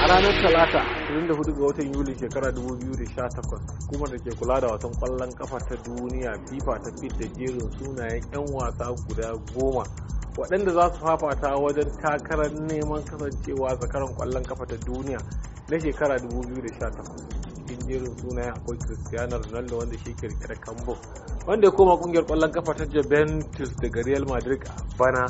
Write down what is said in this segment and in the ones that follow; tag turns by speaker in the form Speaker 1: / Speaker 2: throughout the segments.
Speaker 1: a ranar talata 24 ga watan yuli shekara 2018 hukumar da ke kula da wasan kwallon kafa ta duniya fifa ta fit da jerin sunayen 'yan wasa guda goma waɗanda za su fafata wajen takarar neman kasancewa zakaran kwallon kafa ta duniya na shekara 2018 cikin jerin sunayen akwai cristiano ronaldo wanda shi kirkira kambo wanda ya koma kungiyar kwallon kafa ta juventus daga real madrid a bana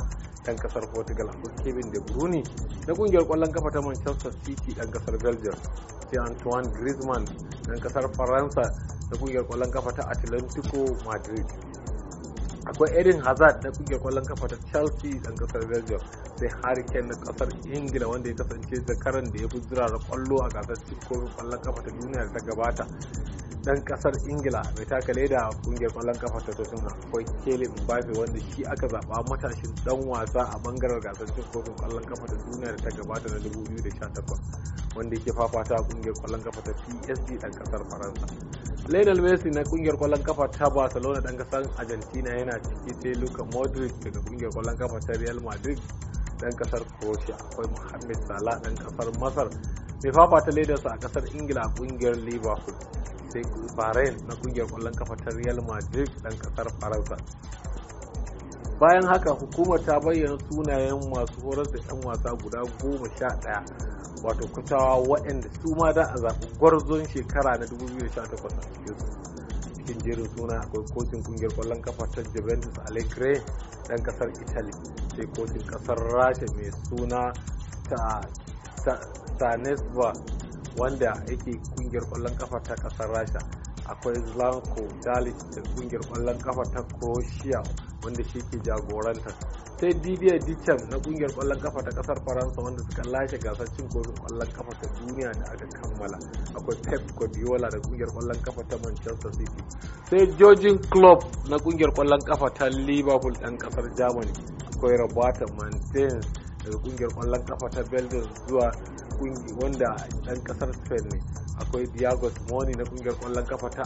Speaker 1: dan kasar portugal a kevin de bruyne na kungiyar kwallon kafa ta manchester city dan kasar belgium sai antoine griezmann dan kasar faransa da kungiyar kwallon kafa ta atlantico madrid akwai erin Hazard na kuke kwallon kafa ta Chelsea dan kasar Belgium sai Harry Kane na kasar Ingila wanda ya kasance zakaran da ya fi zirara kwallo a gasar cikin kofin kwallon kafa ta duniya da ta gabata dan kasar ingila mai taka leda kungiyar kwallon kafa ta tottenham akwai kelly mbappe wanda shi aka zaba matashin dan wasa a bangaren gasar cin kofin kwallon kafa ta duniya da ta gabata na 2018 wanda yake fafata a kungiyar kwallon kafa ta PSG dan kasar faransa Lionel Messi na kungiyar kwallon kafa ta Barcelona dan kasar Argentina yana ciki sai Luka Modric daga kungiyar kwallon kafa ta Real Madrid dan kasar Croatia akwai Mohamed Salah dan kasar Masar mai fafata ledarsa a kasar Ingila a kungiyar Liverpool sai bahrain na kungiyar kwallon kafa ta real madrid dan kasar faransa bayan haka hukumar ta bayyana sunayen masu horar da 'yan wasa guda goma sha ɗaya wato kutawa waɗanda su ma za a zaɓi gwarzon shekara na 2018 a cikin jerin suna akwai kocin kungiyar kwallon kafa ta juventus allegri dan ƙasar italy sai kocin ƙasar rasha mai suna ta sanesva wanda yake kungiyar kwallon kafa ta kasar rasha akwai zlanko dalic da kungiyar kwallon kafa ta croatia wanda shi ke jagoranta sai didier dicham na kungiyar kwallon kafa ta kasar faransa wanda suka lashe gasar cin kofin kwallon kafa ta duniya da aka kammala akwai pep guardiola da kungiyar kwallon kafa ta manchester city sai georgian club na kungiyar kwallon kafa ta liverpool dan kasar germany akwai roberto martinez daga kungiyar kwallon kafa ta belgium zuwa kungi wanda dan kasar spain ne akwai diagos moni na kungiyar kwallon kafa ta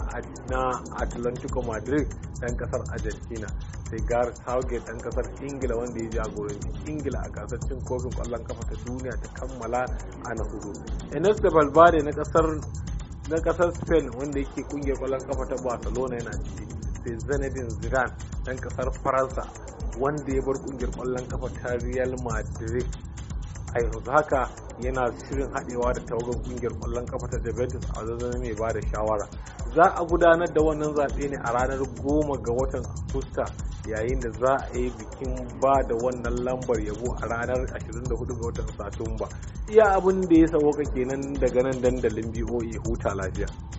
Speaker 1: na atlantico madrid dan kasar argentina sai gareth southgate dan kasar ingila wanda ya jagoranci ingila a gasar cin kofin kwallon kafa ta duniya ta kammala a na hudu ernesto valverde na kasar na kasar spain wanda yake kungiyar kwallon kafa ta barcelona yana ciki sai zinedine zidane dan kasar faransa wanda ya bar kungiyar kwallon kafa ta real madrid a yanzu haka yana shirin haɗewa da taurin kungiyar kwallon kafa ta Juventus a zazzana mai ba da shawara. Za a gudanar da wannan zaɓe ne a ranar goma ga watan Agusta yayin da za a yi bikin ba da wannan lambar yabo a ranar 24 ga watan Satumba. Iya abin da ya sauka kenan daga nan dandalin BOA huta lafiya.